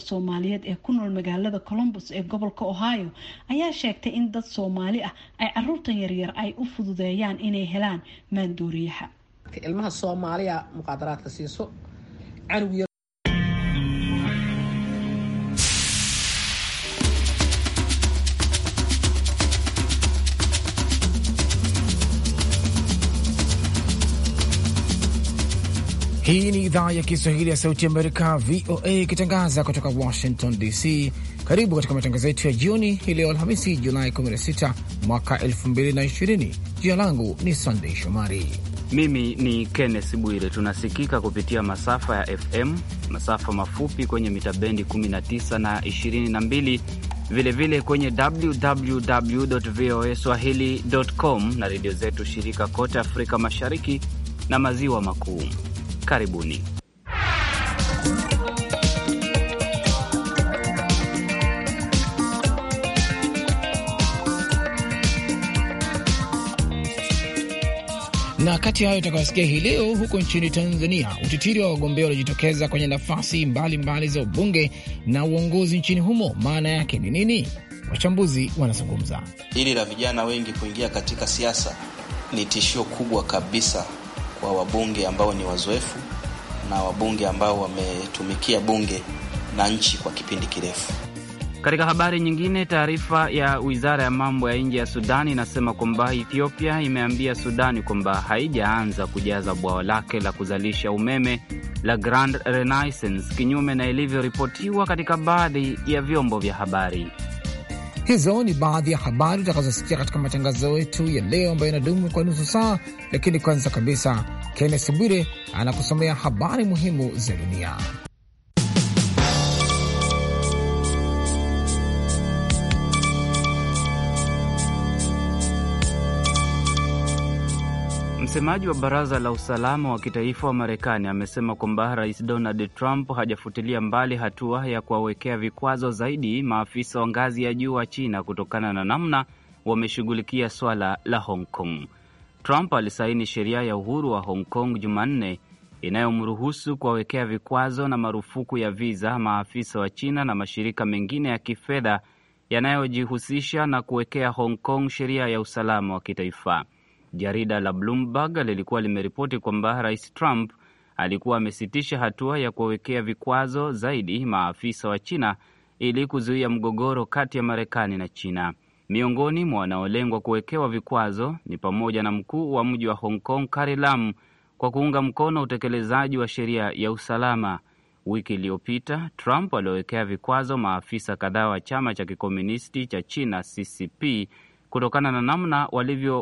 soomaaliyeed ee ku nool magaalada colombus ee gobolka ohio ayaa sheegtay in dad soomaali ah ay caruurtan yaryar ay u fududeeyaan inay helaan maandooriyaha ilmaha soomaaliya muqaadaraadka siiso canug Hii ni idhaa ya Kiswahili ya Sauti Amerika, VOA, ikitangaza kutoka Washington DC. Karibu katika matangazo yetu ya jioni hii leo Alhamisi, Julai 16 mwaka 2020. Jina langu ni Sandei Shomari. Mimi ni Kenneth Bwire. Tunasikika kupitia masafa ya FM, masafa mafupi kwenye mitabendi 19 na 22, vilevile vile kwenye www voa swahili com na redio zetu shirika kote Afrika Mashariki na Maziwa Makuu. Karibuni. Na kati ya hayo utakayosikia hii leo, huko nchini Tanzania, utitiri wa wagombea uliojitokeza kwenye nafasi mbalimbali mbali za ubunge na uongozi nchini humo, maana yake ni nini? Wachambuzi wanazungumza. Hili la vijana wengi kuingia katika siasa ni tishio kubwa kabisa wa wabunge ambao ni wazoefu na wabunge ambao wametumikia bunge na nchi kwa kipindi kirefu. Katika habari nyingine, taarifa ya wizara ya mambo ya nje ya Sudani inasema kwamba Ethiopia imeambia Sudani kwamba haijaanza kujaza bwawa lake la kuzalisha umeme la Grand Renaissance, kinyume na ilivyoripotiwa katika baadhi ya vyombo vya habari. Hizo ni baadhi ya habari utakazosikia katika matangazo yetu ya leo ambayo yanadumu kwa nusu saa, lakini kwanza kabisa, Kennes Bwire anakusomea habari muhimu za dunia. Msemaji wa baraza la usalama wa kitaifa wa Marekani amesema kwamba rais Donald Trump hajafutilia mbali hatua ya kuwawekea vikwazo zaidi maafisa wa ngazi ya juu wa China kutokana na namna wameshughulikia swala la Hong Kong. Trump alisaini sheria ya uhuru wa Hong Kong Jumanne inayomruhusu kuwawekea vikwazo na marufuku ya viza maafisa wa China na mashirika mengine ya kifedha yanayojihusisha na kuwekea Hong Kong sheria ya usalama wa kitaifa. Jarida la Bloomberg lilikuwa limeripoti kwamba Rais Trump alikuwa amesitisha hatua ya kuwawekea vikwazo zaidi maafisa wa China ili kuzuia mgogoro kati ya Marekani na China. Miongoni mwa wanaolengwa kuwekewa vikwazo ni pamoja na mkuu wa mji wa Hong Kong Carrie Lam kwa kuunga mkono utekelezaji wa sheria ya usalama. Wiki iliyopita Trump aliwawekea vikwazo maafisa kadhaa wa chama cha kikomunisti cha China CCP kutokana na namna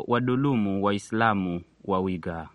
wadulumu Waislamu wa Wiga.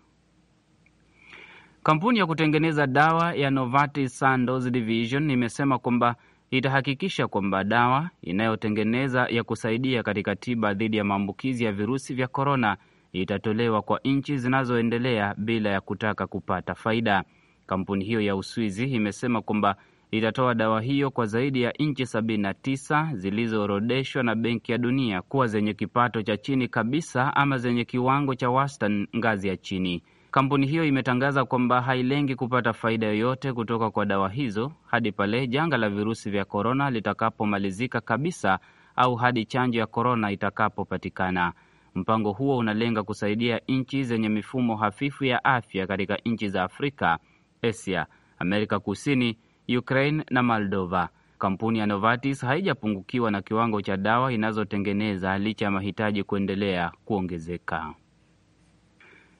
Kampuni ya kutengeneza dawa ya Novartis Sandoz Division imesema kwamba itahakikisha kwamba dawa inayotengeneza ya kusaidia katika tiba dhidi ya maambukizi ya virusi vya korona itatolewa kwa nchi zinazoendelea bila ya kutaka kupata faida. Kampuni hiyo ya Uswizi imesema kwamba itatoa dawa hiyo kwa zaidi ya nchi sabini na tisa zilizoorodheshwa na Benki ya Dunia kuwa zenye kipato cha chini kabisa ama zenye kiwango cha wastani ngazi ya chini. Kampuni hiyo imetangaza kwamba hailengi kupata faida yoyote kutoka kwa dawa hizo hadi pale janga la virusi vya korona litakapomalizika kabisa au hadi chanjo ya korona itakapopatikana. Mpango huo unalenga kusaidia nchi zenye mifumo hafifu ya afya katika nchi za Afrika, Asia, Amerika Kusini, Ukraine na Moldova. Kampuni ya Novartis haijapungukiwa na kiwango cha dawa inazotengeneza licha ya mahitaji kuendelea kuongezeka.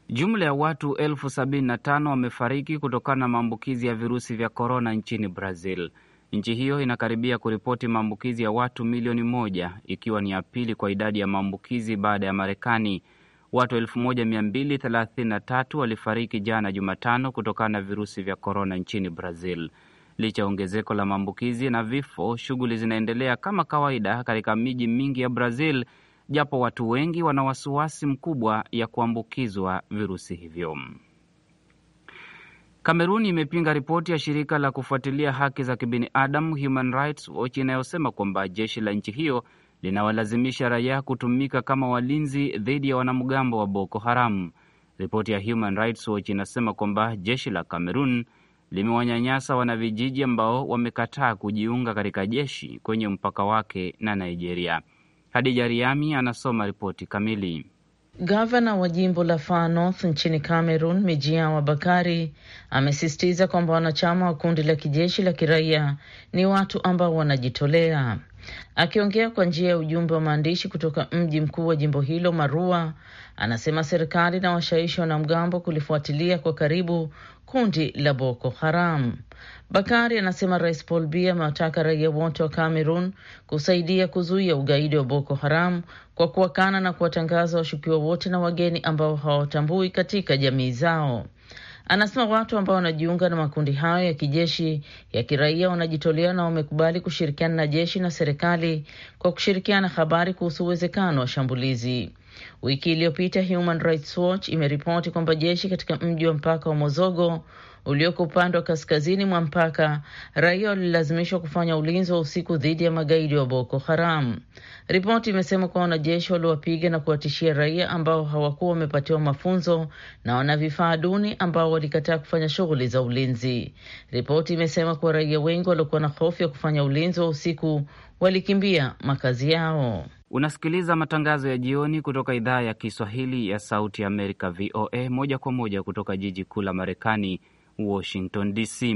Jumla ya watu elfu sabini na tano wamefariki kutokana na maambukizi ya virusi vya korona nchini Brazil. Nchi hiyo inakaribia kuripoti maambukizi ya watu milioni moja ikiwa ni ya pili kwa idadi ya maambukizi baada ya Marekani. Watu 1233 walifariki jana Jumatano kutokana na virusi vya korona nchini Brazil. Licha ya ongezeko la maambukizi na vifo, shughuli zinaendelea kama kawaida katika miji mingi ya Brazil, japo watu wengi wana wasiwasi mkubwa ya kuambukizwa virusi hivyo. Kamerun imepinga ripoti ya shirika la kufuatilia haki za kibinadamu Human Rights Watch inayosema kwamba jeshi la nchi hiyo linawalazimisha raia kutumika kama walinzi dhidi ya wanamgambo wa Boko Haram. Ripoti ya Human Rights Watch inasema kwamba jeshi la Kamerun limewanyanyasa wanavijiji ambao wamekataa kujiunga katika jeshi kwenye mpaka wake na Nigeria. Hadija Riami anasoma ripoti kamili. Gavana wa jimbo la Far North nchini Cameroon, Mijiawa Bakari, amesisitiza kwamba wanachama wa kundi la kijeshi la kiraia ni watu ambao wanajitolea. Akiongea kwa njia ya ujumbe wa maandishi kutoka mji mkuu wa jimbo hilo Marua, anasema serikali na washawishi wanamgambo kulifuatilia kwa karibu kundi la Boko Haram. Bakari anasema Rais Paul Biya amewataka raia wote wa Cameroon kusaidia kuzuia ugaidi wa Boko Haram kwa kuwakana na kuwatangaza washukiwa wote na wageni ambao hawatambui katika jamii zao. Anasema watu ambao wanajiunga na makundi hayo ya kijeshi ya kiraia wanajitolea na wamekubali kushirikiana na jeshi na serikali kwa kushirikiana habari kuhusu uwezekano wa shambulizi. Wiki iliyopita Human Rights Watch imeripoti kwamba jeshi katika mji wa mpaka wa Mozogo ulioko upande wa kaskazini mwa mpaka, raia walilazimishwa kufanya ulinzi wa usiku dhidi ya magaidi wa Boko Haram. Ripoti imesema kuwa wanajeshi waliwapiga na kuwatishia raia ambao hawakuwa wamepatiwa mafunzo na wana vifaa duni ambao walikataa kufanya shughuli za ulinzi. Ripoti imesema kuwa raia wengi waliokuwa na hofu ya kufanya ulinzi wa usiku walikimbia makazi yao. Unasikiliza matangazo ya jioni kutoka idhaa ya Kiswahili ya Sauti ya Amerika, VOA, moja kwa moja kutoka jiji kuu la Marekani, Washington DC.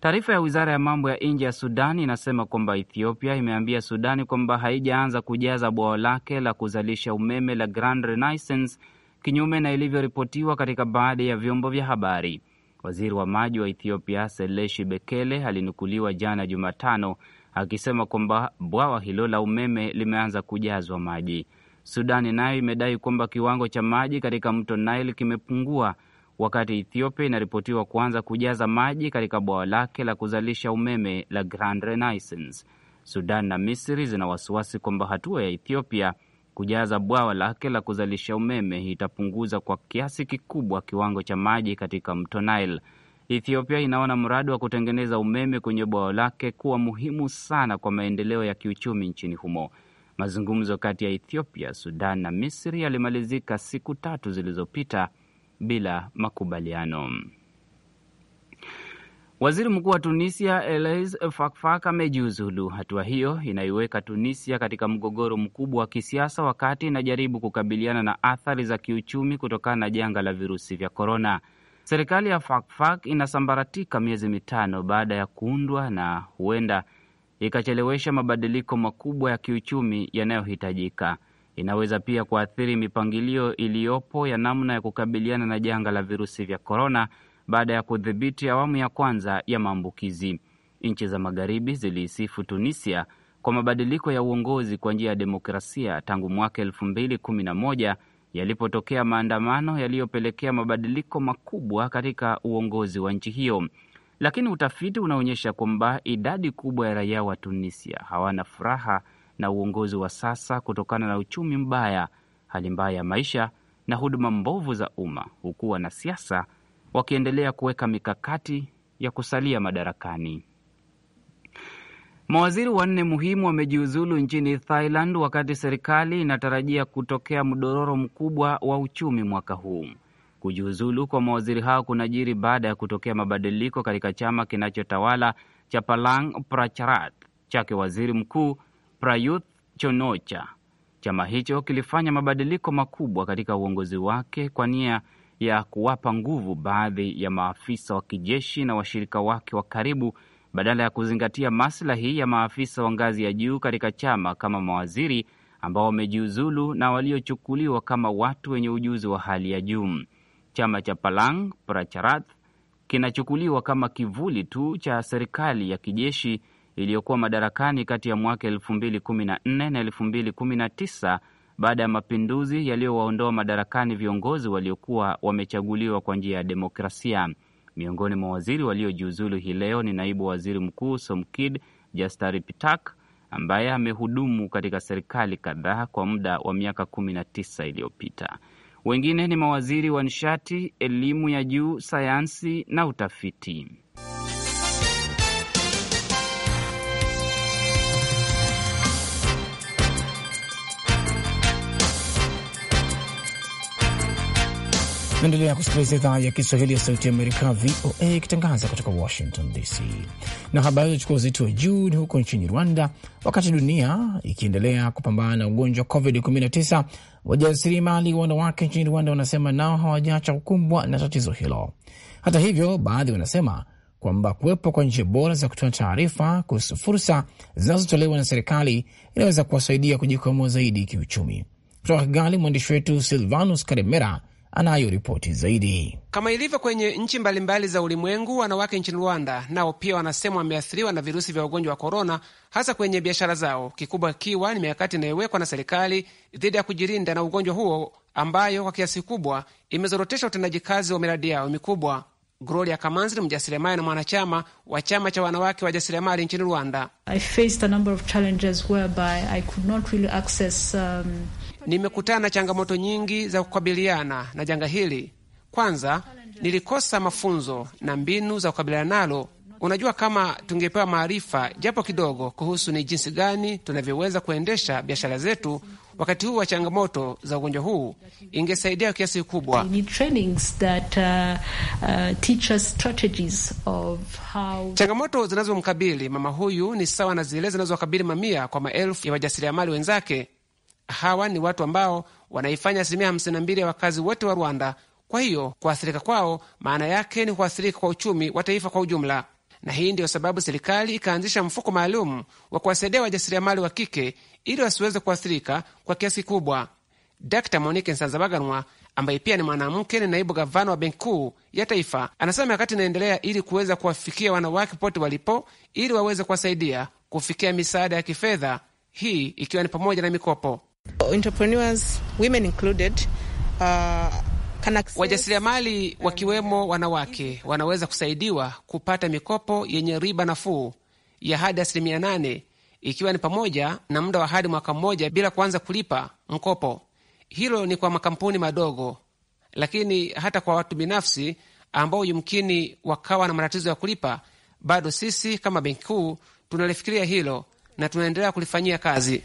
Taarifa ya wizara ya mambo ya nje ya Sudani inasema kwamba Ethiopia imeambia Sudani kwamba haijaanza kujaza bwawa lake la kuzalisha umeme la Grand Renaissance, kinyume na ilivyoripotiwa katika baadhi ya vyombo vya habari. Waziri wa maji wa Ethiopia Seleshi Bekele alinukuliwa jana Jumatano akisema kwamba bwawa hilo la umeme limeanza kujazwa maji. Sudani nayo imedai kwamba kiwango cha maji katika mto Nile kimepungua wakati Ethiopia inaripotiwa kuanza kujaza maji katika bwawa lake la kuzalisha umeme la Grand Renaissance. Sudan na Misri zina wasiwasi kwamba hatua ya Ethiopia kujaza bwawa lake la kuzalisha umeme itapunguza kwa kiasi kikubwa kiwango cha maji katika mto Nile. Ethiopia inaona mradi wa kutengeneza umeme kwenye bwawa lake kuwa muhimu sana kwa maendeleo ya kiuchumi nchini humo. Mazungumzo kati ya Ethiopia, Sudan na Misri yalimalizika siku tatu zilizopita bila makubaliano. Waziri mkuu wa Tunisia Elais Fakhfak amejiuzulu. Hatua hiyo inaiweka Tunisia katika mgogoro mkubwa wa kisiasa, wakati inajaribu kukabiliana na athari za kiuchumi kutokana na janga la virusi vya korona. Serikali ya Fakhfak inasambaratika miezi mitano baada ya kuundwa na huenda ikachelewesha mabadiliko makubwa ya kiuchumi yanayohitajika inaweza pia kuathiri mipangilio iliyopo ya namna ya kukabiliana na janga la virusi vya korona baada ya kudhibiti awamu ya kwanza ya maambukizi. Nchi za magharibi ziliisifu Tunisia kwa mabadiliko ya uongozi kwa njia ya demokrasia tangu mwaka elfu mbili kumi na moja yalipotokea maandamano yaliyopelekea mabadiliko makubwa katika uongozi wa nchi hiyo. Lakini utafiti unaonyesha kwamba idadi kubwa ya raia wa Tunisia hawana furaha na uongozi wa sasa kutokana na uchumi mbaya, hali mbaya ya maisha na huduma mbovu za umma, huku wanasiasa wakiendelea kuweka mikakati ya kusalia madarakani. Mawaziri wanne muhimu wamejiuzulu nchini Thailand wakati serikali inatarajia kutokea mdororo mkubwa wa uchumi mwaka huu. Kujiuzulu kwa mawaziri hao kunajiri baada ya kutokea mabadiliko katika chama kinachotawala cha Palang Pracharat chake waziri mkuu Prayuth Chonocha. Chama hicho kilifanya mabadiliko makubwa katika uongozi wake kwa nia ya kuwapa nguvu baadhi ya maafisa wa kijeshi na washirika wake wa karibu badala ya kuzingatia maslahi ya maafisa wa ngazi ya juu katika chama kama mawaziri ambao wamejiuzulu na waliochukuliwa kama watu wenye ujuzi wa hali ya juu. Chama cha Palang Pracharath kinachukuliwa kama kivuli tu cha serikali ya kijeshi iliyokuwa madarakani kati ya mwaka 2014 na 2019 baada ya mapinduzi yaliyowaondoa madarakani viongozi waliokuwa wamechaguliwa kwa njia ya demokrasia. Miongoni mwa waziri waliojiuzulu hii leo ni naibu waziri mkuu Somkid Jastari Pitak ambaye amehudumu katika serikali kadhaa kwa muda wa miaka 19 iliyopita. Wengine ni mawaziri wa nishati, elimu ya juu, sayansi na utafiti. Naendelea kusikiliza idhaa ya Kiswahili ya Sauti Amerika, VOA, ikitangaza kutoka Washington DC. Na habari zilizochukua uzito wa juu ni huko nchini Rwanda, wakati dunia ikiendelea kupambana na ugonjwa wa COVID-19, wajasiriamali wanawake nchini Rwanda wanasema nao hawajaacha kukumbwa na tatizo hilo. Hata hivyo, baadhi wanasema kwamba kuwepo kwa njia bora za kutoa taarifa kuhusu fursa zinazotolewa na serikali inaweza kuwasaidia kujikwamua zaidi kiuchumi. Kutoka Kigali, mwandishi wetu Silvanus Karemera anayo ripoti zaidi. Kama ilivyo kwenye nchi mbalimbali za ulimwengu, wanawake nchini Rwanda nao pia wanasema wameathiriwa na virusi vya ugonjwa wa korona, hasa kwenye biashara zao, kikubwa kiwa ni mikakati inayowekwa na serikali dhidi ya kujilinda na ugonjwa huo, ambayo kwa kiasi kubwa imezorotesha utendaji kazi wa miradi yao mikubwa. Gloria Kamanzi ni mjasiriamali na mwanachama wa chama cha wanawake wa jasiriamali nchini Rwanda. I faced a number of challenges whereby I could not really access, um, Nimekutana na changamoto nyingi za kukabiliana na janga hili. Kwanza, nilikosa mafunzo na mbinu za kukabiliana nalo. Unajua, kama tungepewa maarifa japo kidogo kuhusu ni jinsi gani tunavyoweza kuendesha biashara zetu wakati huu wa changamoto za ugonjwa huu, ingesaidia kiasi kikubwa. Uh, uh, changamoto zinazomkabili mama huyu ni sawa na zile zinazowakabili mamia kwa maelfu ya wajasiriamali wenzake Hawa ni watu ambao wanaifanya asilimia mbili ya wakazi wote wa Rwanda. Kwa hiyo kuathirika kwao maana yake ni kuathirika kwa uchumi wa taifa kwa ujumla, na hii ndiyo sababu serikali ikaanzisha mfuko maalum wa kuwasaidia wajasiriamali wa kike ili wasiweze kuathirika kwa kiasi kikubwa. Dkt Monike Nsanzabaganwa ambaye pia ni mwanamke, ni naibu gavana wa Benki Kuu ya Taifa, anasema mikakati inaendelea ili kuweza kuwafikia wanawake popote walipo ili waweze kuwasaidia kufikia misaada ya kifedha, hii ikiwa ni pamoja na mikopo. Entrepreneurs, women included, uh, wajasiriamali wakiwemo wanawake wanaweza kusaidiwa kupata mikopo yenye riba nafuu ya hadi asilimia nane ikiwa ni pamoja na muda wa hadi mwaka mmoja bila kuanza kulipa mkopo. Hilo ni kwa makampuni madogo, lakini hata kwa watu binafsi ambao yumkini wakawa na matatizo ya kulipa, bado sisi kama Benki Kuu tunalifikiria hilo na tunaendelea kulifanyia kazi.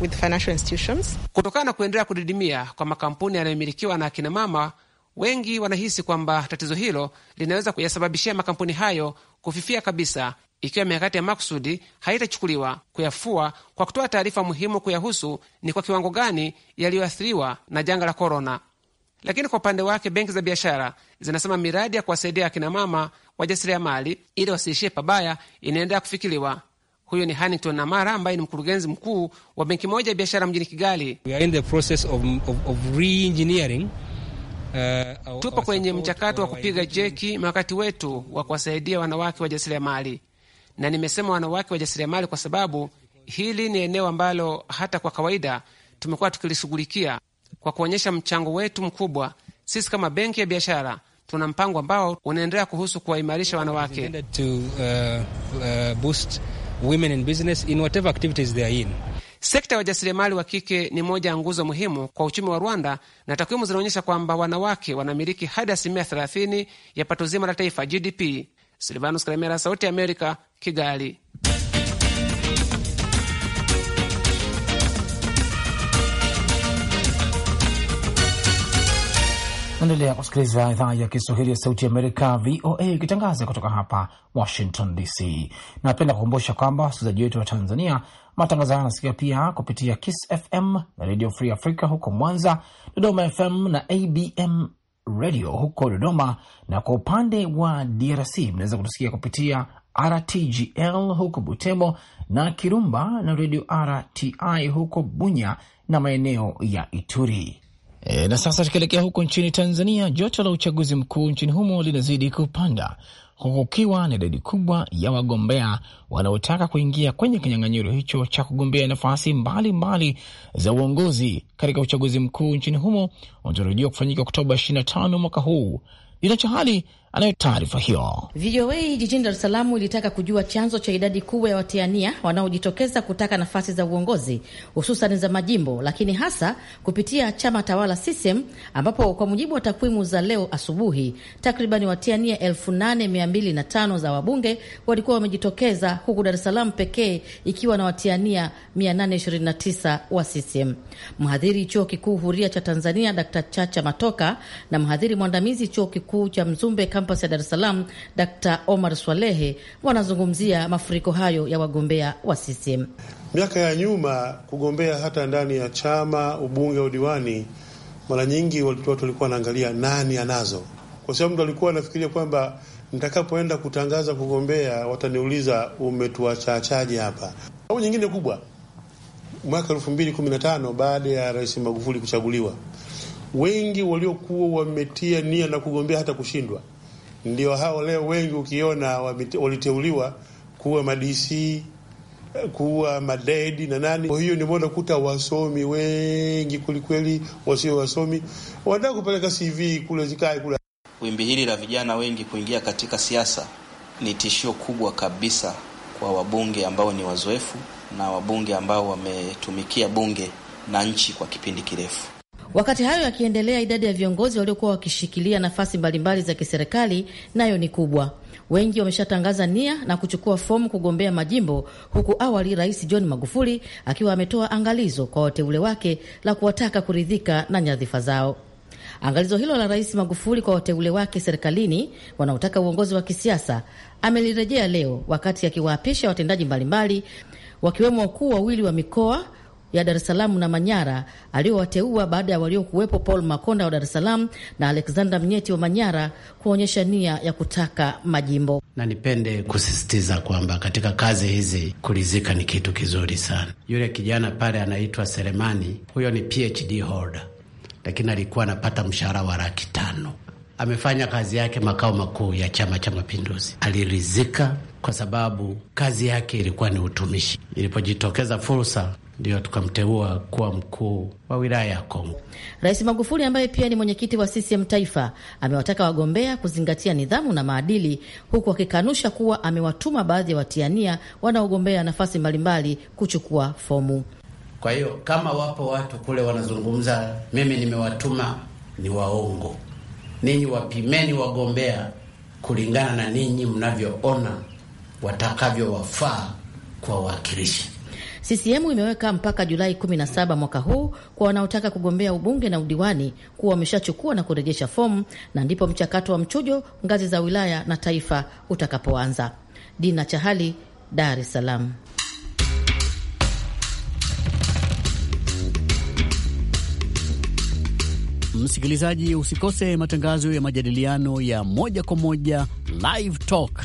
with financial institutions. Kutokana na kuendelea kudidimia kwa makampuni yanayomilikiwa na akinamama, wengi wanahisi kwamba tatizo hilo linaweza kuyasababishia makampuni hayo kufifia kabisa ikiwa mikakati ya makusudi haitachukuliwa kuyafua kwa kutoa taarifa muhimu kuyahusu ni kwa kiwango gani yaliyoathiriwa na janga la korona. Lakini kwa upande wake, benki za biashara zinasema miradi ya kuwasaidia akinamama wajasiriamali ili wasiishie pabaya inaendelea kufikiriwa. Huyo ni Hannington Namara ambaye ni mkurugenzi mkuu wa benki moja ya biashara mjini Kigali. We are in the process of, of, of re-engineering uh, tupo kwenye mchakato wa kupiga jeki wakati wetu wa kuwasaidia wanawake wajasiriamali, na nimesema wanawake wajasiriamali kwa sababu hili ni eneo ambalo hata kwa kawaida tumekuwa tukilishughulikia. Kwa kuonyesha mchango wetu mkubwa, sisi kama benki ya biashara tuna mpango ambao unaendelea kuhusu kuwaimarisha wanawake to, uh, uh, boost women in business in whatever activities they are in. Sekta ya wajasiriamali wa kike ni moja ya nguzo muhimu kwa uchumi wa Rwanda, na takwimu zinaonyesha kwamba wanawake wanamiliki hadi asilimia 30 ya pato zima la taifa GDP. Silvanus Kalemera, Sauti ya Amerika, Kigali. Naendelea kusikiliza idhaa ya Kiswahili ya Sauti ya Amerika, VOA, ikitangaza kutoka hapa Washington DC. Napenda kukumbusha kwamba wasikilizaji wetu wa Tanzania, matangazo haya anasikia pia kupitia Kiss FM na Radio Free Africa huko Mwanza, Dodoma FM na ABM Radio huko Dodoma, na kwa upande wa DRC mnaweza kutusikia kupitia RTGL huko Butembo na Kirumba na Radio RTI huko Bunya na maeneo ya Ituri. E, na sasa tukielekea huko nchini Tanzania, joto la uchaguzi mkuu nchini humo linazidi kupanda huku kukiwa na idadi kubwa ya wagombea wanaotaka kuingia kwenye kinyang'anyiro hicho cha kugombea nafasi mbalimbali za uongozi katika uchaguzi mkuu nchini humo unatarajiwa kufanyika Oktoba 25 mwaka huu. Linacho hali anayo taarifa hiyo. VOA jijini Dar es Salaam ilitaka kujua chanzo cha idadi kubwa ya watiania wanaojitokeza kutaka nafasi za uongozi hususan za majimbo, lakini hasa kupitia chama tawala CCM, ambapo kwa mujibu wa takwimu za leo asubuhi takriban watiania 8205 za wabunge walikuwa wamejitokeza, huku Dar es Salaam pekee ikiwa na watiania 829 wa CCM. Mhadhiri chuo kikuu huria cha Tanzania Dkt. Chacha Matoka na mhadhiri mwandamizi chuo kikuu cha Mzumbe kampasi ya Dar es Salaam Dr. Omar Swalehe wanazungumzia mafuriko hayo ya wagombea wa CCM. Miaka ya nyuma, kugombea hata ndani ya chama, ubunge au diwani, mara nyingi watu walikuwa wanaangalia nani anazo, kwa sababu mtu alikuwa anafikiria kwamba nitakapoenda kutangaza kugombea wataniuliza umetuachachaje hapa. Au nyingine kubwa, mwaka elfu mbili kumi na tano baada ya Rais Magufuli kuchaguliwa wengi waliokuwa wametia nia na kugombea hata kushindwa ndio hao leo wengi ukiona waliteuliwa kuwa madisi kuwa madedi na nani. Kwa hiyo nimeona kuta wasomi wengi kwelikweli, wasio wasomi wanataka kupeleka CV kule zikae kule. Wimbi hili la vijana wengi kuingia katika siasa ni tishio kubwa kabisa kwa wabunge ambao ni wazoefu na wabunge ambao wametumikia bunge na nchi kwa kipindi kirefu. Wakati hayo yakiendelea, idadi ya viongozi waliokuwa wakishikilia nafasi mbalimbali za kiserikali nayo ni kubwa. Wengi wameshatangaza nia na kuchukua fomu kugombea majimbo, huku awali Rais John Magufuli akiwa ametoa angalizo kwa wateule wake la kuwataka kuridhika na nyadhifa zao. Angalizo hilo la Rais Magufuli kwa wateule wake serikalini wanaotaka uongozi wa kisiasa amelirejea leo wakati akiwaapisha watendaji mbalimbali wakiwemo wakuu wawili wa mikoa ya Dar es Salaam na Manyara aliyowateua baada ya waliokuwepo Paul Makonda wa Dar es Salaam na Alexander Mnyeti wa Manyara kuonyesha nia ya kutaka majimbo. Na nipende kusisitiza kwamba katika kazi hizi kulizika ni kitu kizuri sana. Yule kijana pale anaitwa Selemani, huyo ni PhD holder, lakini alikuwa anapata mshahara wa laki tano. Amefanya kazi yake makao makuu ya Chama cha Mapinduzi. Alirizika kwa sababu kazi yake ilikuwa ni utumishi. Ilipojitokeza fursa ndio tukamteua kuwa mkuu wa wilaya ya Kongo. Rais Magufuli ambaye pia ni mwenyekiti wa CCM Taifa amewataka wagombea kuzingatia nidhamu na maadili, huku akikanusha kuwa amewatuma baadhi ya watiania wanaogombea nafasi mbalimbali kuchukua fomu. Kwa hiyo kama wapo watu kule wanazungumza mimi nimewatuma, ni waongo. Ninyi wapimeni wagombea kulingana na ninyi mnavyoona watakavyowafaa kuwawakilisha. CCM imeweka mpaka Julai 17 mwaka huu kwa wanaotaka kugombea ubunge na udiwani kuwa wameshachukua na kurejesha fomu, na ndipo mchakato wa mchujo ngazi za wilaya na taifa utakapoanza. Dina Chahali, Dar es Salaam. Msikilizaji, usikose matangazo ya majadiliano ya moja kwa moja Live Talk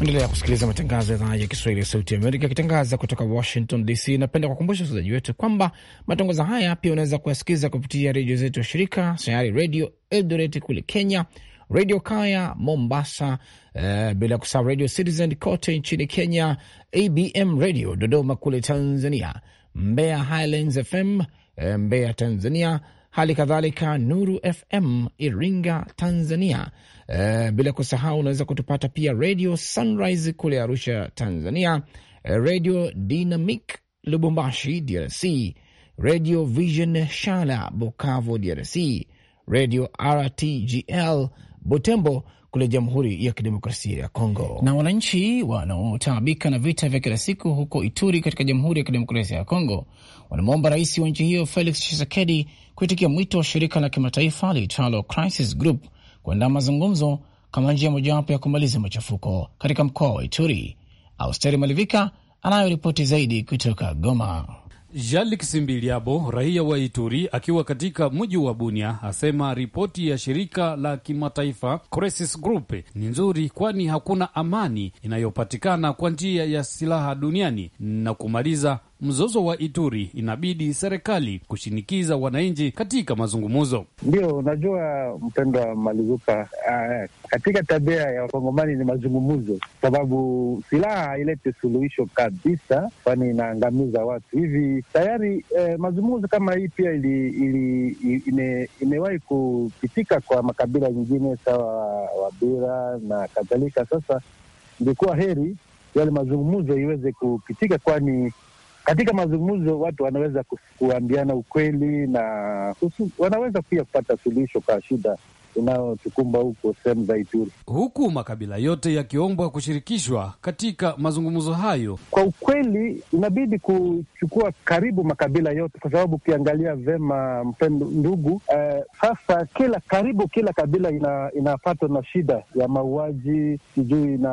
Endelea kusikiliza matangazo ya idhaa ya Kiswahili ya Sauti Amerika akitangaza kutoka Washington DC. Napenda kuwakumbusha wasikilizaji wetu kwamba matangazo haya pia unaweza kuyasikiliza kupitia redio zetu ya shirika Sayari Redio Eldoret kule Kenya, Redio Kaya Mombasa, uh, bila kusahau Radio Citizen kote nchini Kenya, ABM Radio Dodoma kule Tanzania, Mbeya Highlands FM eh, Mbeya Tanzania, hali kadhalika Nuru FM Iringa Tanzania, Eh, bila kusahau unaweza kutupata pia Radio Sunrise kule Arusha, Tanzania, eh, Radio Dynamic Lubumbashi, DRC, Radio Vision Shala Bukavu, DRC, Radio RTGL Butembo kule Jamhuri ya Kidemokrasia ya Kongo. Na wananchi wanaotaabika na vita vya kila siku huko Ituri katika Jamhuri ya Kidemokrasia ya Kongo wanamwomba rais wa nchi hiyo Felix Tshisekedi kuitikia mwito wa shirika la kimataifa liitwalo Crisis Group kuandaa mazungumzo kama njia mojawapo ya kumaliza machafuko katika mkoa wa Ituri. Austeri Malivika anayoripoti zaidi kutoka Goma. Jalik Simbiliabo, raia wa Ituri akiwa katika mji wa Bunia, asema ripoti ya shirika la kimataifa Crisis Group ni nzuri, kwani hakuna amani inayopatikana kwa njia ya silaha duniani na kumaliza mzozo wa Ituri inabidi serikali kushinikiza wananchi katika mazungumzo. Ndio, unajua mpendwa malizuka uh, eh, katika tabia ya wakongomani ni mazungumzo, sababu silaha ilete suluhisho kabisa, kwani inaangamiza watu hivi tayari. Eh, mazungumzo kama hii pia ili, ili, ime, imewahi kupitika kwa makabila nyingine sawa Wabira na kadhalika. Sasa ingekuwa heri yale mazungumzo iweze kupitika kwani katika mazungumzo watu wanaweza kuambiana ukweli na wanaweza pia kupata suluhisho kwa shida inayotukumba huko sehemu za Ituri, huku makabila yote yakiombwa kushirikishwa katika mazungumzo hayo. Kwa ukweli, inabidi kuchukua karibu makabila yote, kwa sababu ukiangalia vema, mpendo ndugu, eh, sasa kila karibu kila kabila ina, inapatwa na shida ya mauaji, sijui na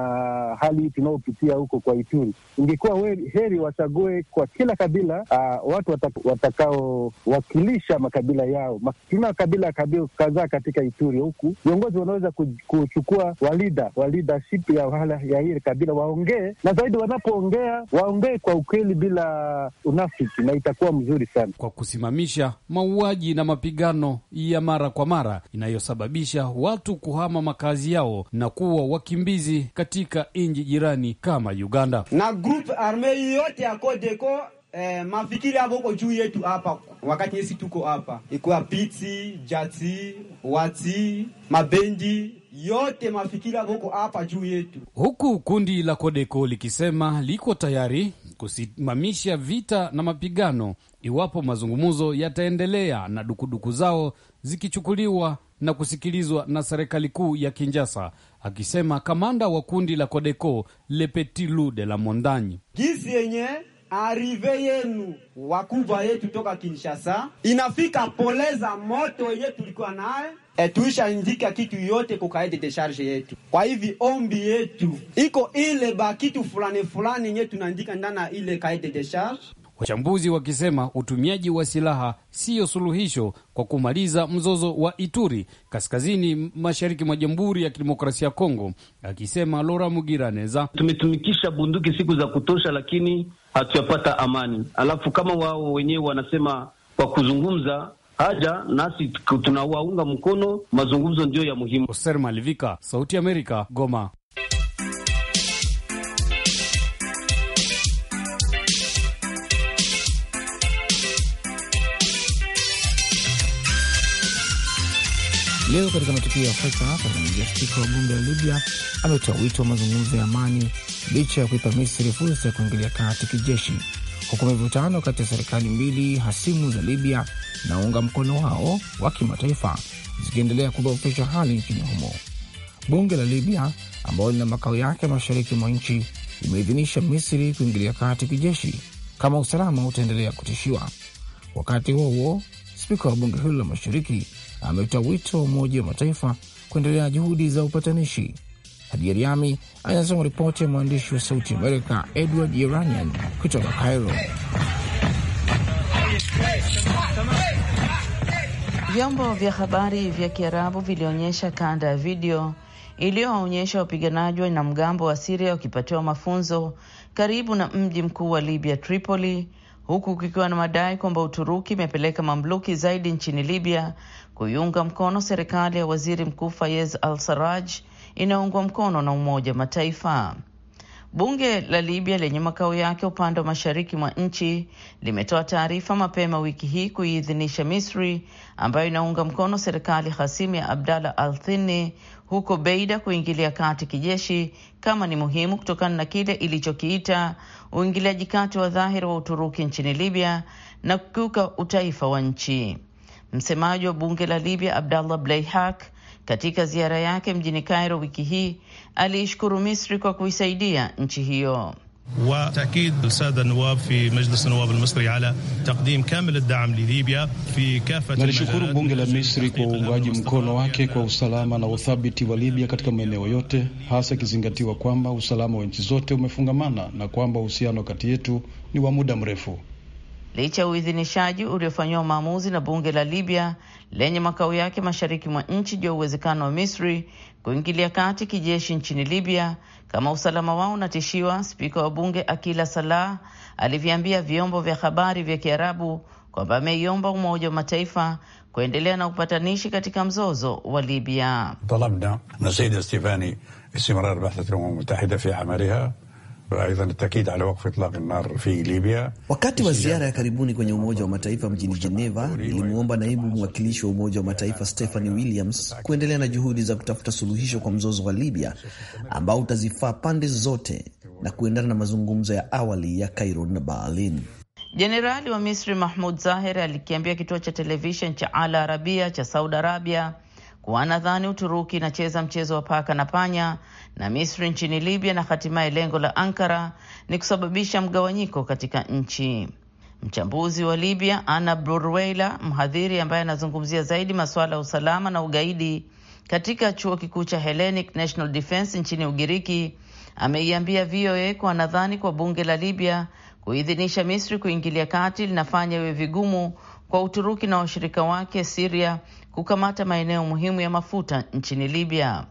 hali tunayopitia huko kwa Ituri. Ingekuwa heri wachague kwa kila kabila uh, watu watakaowakilisha makabila yao. Tuna kabila kadhaa katika Ituri vizuri huku, viongozi wanaweza kuchukua walida wa leadership ya wala ya hili kabila, waongee na zaidi, wanapoongea waongee kwa ukweli bila unafiki, na itakuwa mzuri sana kwa kusimamisha mauaji na mapigano ya mara kwa mara inayosababisha watu kuhama makazi yao na kuwa wakimbizi katika nchi jirani kama Uganda na grup arme yote ya Codeco Eh, mafikiri hapo huko juu yetu hapa wakati yesi tuko hapa ikuwa piti jati wati mabendi yote mafikiri hapo huko hapa juu yetu, huku kundi la Kodeko likisema liko tayari kusimamisha vita na mapigano iwapo mazungumzo yataendelea na dukuduku zao zikichukuliwa na kusikilizwa na serikali kuu ya Kinjasa, akisema kamanda wa kundi la Kodeko Lepetilu de la Mondagne gisi yenye Arive yenu wakubwa yetu toka Kinshasa inafika poleza moto yenye tulikuwa naye etuisha indika kitu yote kukaede charge yetu. Kwa hivi ombi yetu iko ile ba kitu fulani fulani yenye tunaandika ndana ile kaede charge. Wachambuzi wakisema utumiaji wa silaha siyo suluhisho kwa kumaliza mzozo wa Ituri kaskazini mashariki mwa Jamhuri ya Kidemokrasia ya Kongo, akisema Lora Mugiraneza, tumetumikisha bunduki siku za kutosha, lakini hatuyapata amani. Alafu kama wao wenyewe wanasema kwa kuzungumza haja nasi tunawaunga mkono, mazungumzo ndiyo ya muhimu. Oser Malivika, Sauti ya Amerika, Goma. Leo katika matukio ya Afrika, mmoja wa spika wa bunge la Libya ametoa wito wa mazungumzo ya amani licha ya kuipa Misri fursa ya kuingilia kati kijeshi, huku mivutano kati ya serikali mbili hasimu za Libya na unga mkono wao wa kimataifa zikiendelea kudhoofisha hali nchini humo. Bunge la Libya ambalo lina makao yake mashariki mwa nchi imeidhinisha Misri kuingilia kati kijeshi kama usalama utaendelea kutishiwa. Wakati huo huo, spika wa bunge hilo la mashariki ametoa wito wa Umoja wa Mataifa kuendelea juhudi za upatanishi Adieriami anasoma ripoti ya mwandishi wa Sauti Amerika Edward iranian kutoka Cairo. Vyombo vya habari vya Kiarabu vilionyesha kanda ya video iliyoonyesha wapiganaji mgambo wa Siria wakipatiwa mafunzo karibu na mji mkuu wa Libya, Tripoli, huku kukiwa na madai kwamba Uturuki imepeleka mamluki zaidi nchini Libya kuiunga mkono serikali ya waziri mkuu Fayez al Saraj inaungwa mkono na Umoja Mataifa. Bunge la Libya lenye makao yake upande wa mashariki mwa nchi limetoa taarifa mapema wiki hii kuiidhinisha Misri ambayo inaunga mkono serikali hasimu ya Abdala althini huko Beida kuingilia kati kijeshi kama ni muhimu kutokana na kile ilichokiita uingiliaji kati wa dhahiri wa Uturuki nchini Libya na kukiuka utaifa wa nchi. Msemaji wa bunge la Libya Abdallah Blayhak katika ziara yake mjini Cairo wiki hii, aliishukuru Misri kwa kuisaidia nchi hiyo. Nalishukuru bunge la Misri kwa uungaji mkono wake kwa usalama na uthabiti wa Libya katika maeneo yote, hasa ikizingatiwa kwamba usalama wa nchi zote umefungamana na kwamba uhusiano kati yetu ni wa muda mrefu licha ya uidhinishaji uliofanyiwa maamuzi na bunge la Libya lenye makao yake mashariki mwa nchi juu ya uwezekano wa Misri kuingilia kati kijeshi nchini Libya kama usalama wao unatishiwa. Spika wa bunge Akila Salah alivyoambia vyombo vya habari vya Kiarabu kwamba ameiomba Umoja wa Mataifa kuendelea na upatanishi katika mzozo wa Libya. talabna na Stefani istimrar al mutahida fi amaliha وايضا التاكيد على وقف اطلاق النار في ليبيا. Wakati wa ziara ya karibuni kwenye Umoja wa Mataifa mjini Geneva, nilimwomba naibu mwakilishi wa Umoja wa Mataifa Stephanie Williams kuendelea na juhudi za kutafuta suluhisho kwa mzozo wa Libya ambao utazifaa pande zote na kuendana na mazungumzo ya awali ya Cairo na Berlin. Jenerali wa Misri Mahmud zaher alikiambia kituo cha televishen cha Al Arabia cha Saudi Arabia kuwa Uturuki inacheza mchezo wa paka na panya na Misri nchini Libya, na hatimaye lengo la Ankara ni kusababisha mgawanyiko katika nchi. Mchambuzi wa Libya Ana Burweila, mhadhiri ambaye anazungumzia zaidi masuala ya usalama na ugaidi katika chuo kikuu cha Hellenic National Defense nchini Ugiriki, ameiambia VOA kuwa anadhani kwa bunge la Libya kuidhinisha Misri kuingilia kati linafanya iwe vigumu kwa Uturuki na washirika wake Siria kukamata maeneo muhimu ya mafuta nchini Libya.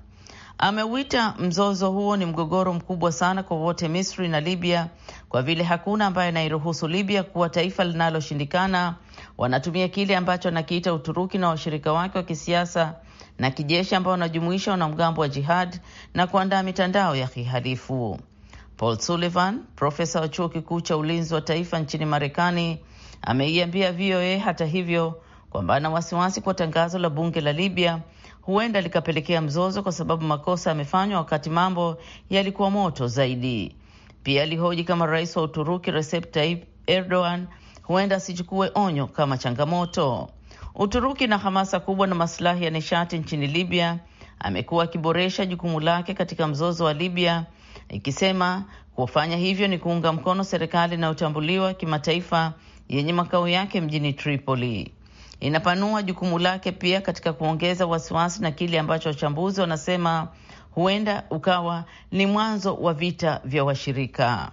Ameuita mzozo huo ni mgogoro mkubwa sana kwa wote Misri na Libya, kwa vile hakuna ambaye anairuhusu Libya kuwa taifa linaloshindikana. Wanatumia kile ambacho anakiita Uturuki na washirika wake wa kisiasa na kijeshi ambao wanajumuisha wanamgambo wa jihad na kuandaa mitandao ya kihalifu. Paul Sullivan, profesa wa chuo kikuu cha ulinzi wa taifa nchini Marekani, ameiambia VOA hata hivyo kwamba ana wasiwasi kwa tangazo la bunge la Libya huenda likapelekea mzozo kwa sababu makosa yamefanywa wakati mambo yalikuwa moto zaidi. Pia alihoji kama rais wa Uturuki Recep Tayyip Erdogan huenda asichukue onyo kama changamoto. Uturuki na hamasa kubwa na masilahi ya nishati nchini Libya amekuwa akiboresha jukumu lake katika mzozo wa Libya, ikisema kufanya hivyo ni kuunga mkono serikali inayotambuliwa kimataifa yenye makao yake mjini Tripoli inapanua jukumu lake pia katika kuongeza wasiwasi na kile ambacho wachambuzi wanasema huenda ukawa ni mwanzo wa vita vya washirika.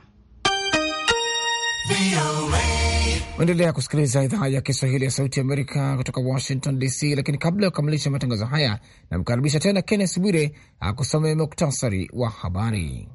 Endelea kusikiliza idhaa ya Kiswahili ya Sauti Amerika kutoka Washington DC. Lakini kabla ya kukamilisha matangazo haya, namkaribisha tena Kennes Bwire akusomea muktasari wa habari.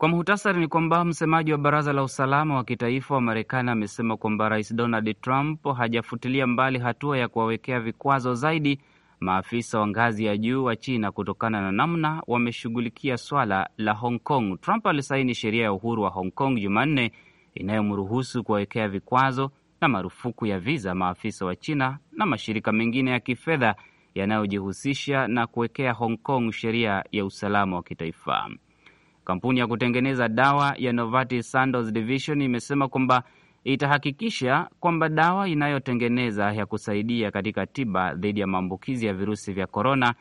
Kwa muhtasari ni kwamba msemaji wa baraza la usalama wa kitaifa wa Marekani amesema kwamba rais Donald Trump hajafutilia mbali hatua ya kuwawekea vikwazo zaidi maafisa wa ngazi ya juu wa China kutokana na namna wameshughulikia swala la Hong Kong. Trump alisaini sheria ya uhuru wa Hong Kong Jumanne inayomruhusu kuwawekea vikwazo na marufuku ya viza maafisa wa China na mashirika mengine ya kifedha yanayojihusisha na kuwekea Hong Kong sheria ya usalama wa kitaifa. Kampuni ya kutengeneza dawa ya Novartis Sandoz Division imesema kwamba itahakikisha kwamba dawa inayotengeneza ya kusaidia katika tiba dhidi ya maambukizi ya virusi vya korona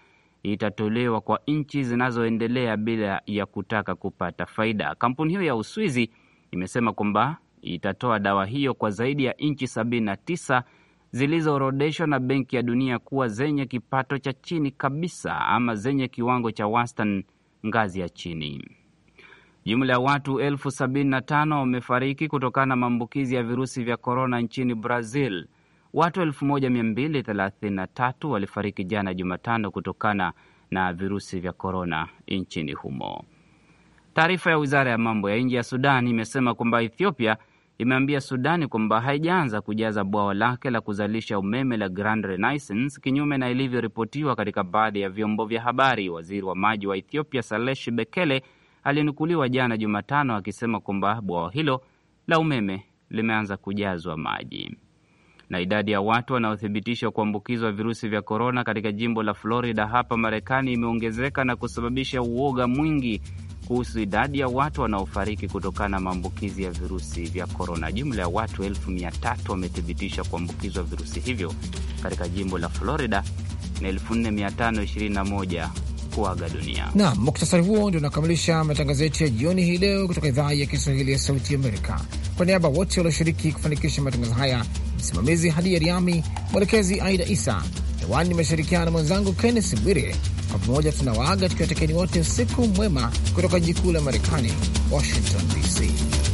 itatolewa kwa nchi zinazoendelea bila ya kutaka kupata faida. Kampuni hiyo ya Uswizi imesema kwamba itatoa dawa hiyo kwa zaidi ya nchi 79 na zilizoorodeshwa na Benki ya Dunia kuwa zenye kipato cha chini kabisa ama zenye kiwango cha wastani ngazi ya chini. Jumla ya watu elfu sabini na tano wamefariki kutokana na maambukizi ya virusi vya korona nchini Brazil. Watu 1233 walifariki jana Jumatano kutokana na virusi vya korona nchini humo. Taarifa ya wizara ya mambo ya nje ya Sudan imesema kwamba Ethiopia imeambia Sudani kwamba haijaanza kujaza bwawa lake la kuzalisha umeme la Grand Renaissance kinyume na ilivyoripotiwa katika baadhi ya vyombo vya habari. Waziri wa maji wa Ethiopia Saleshi Bekele alinukuliwa jana Jumatano akisema kwamba bwawa hilo la umeme limeanza kujazwa maji. Na idadi ya watu wanaothibitishwa kuambukizwa virusi vya korona katika jimbo la Florida hapa Marekani imeongezeka na kusababisha uoga mwingi kuhusu idadi ya watu wanaofariki kutokana na maambukizi ya virusi vya korona. Jumla ya watu elfu mia tatu wamethibitishwa kuambukizwa virusi hivyo katika jimbo la Florida na 4521 kuaga dunia. Naam, muktasari huo ndio unakamilisha matangazo yetu ya jioni hii leo kutoka idhaa ya Kiswahili ya Sauti Amerika. Kwa niaba wote walioshiriki kufanikisha matangazo haya, msimamizi hadi ya Riami, mwelekezi Aida Isa hewani, nimeshirikiana na mwenzangu Kennes Bwire. Kwa pamoja tunawaaga tukiwatekeni wote usiku mwema kutoka jikuu la Marekani, Washington DC.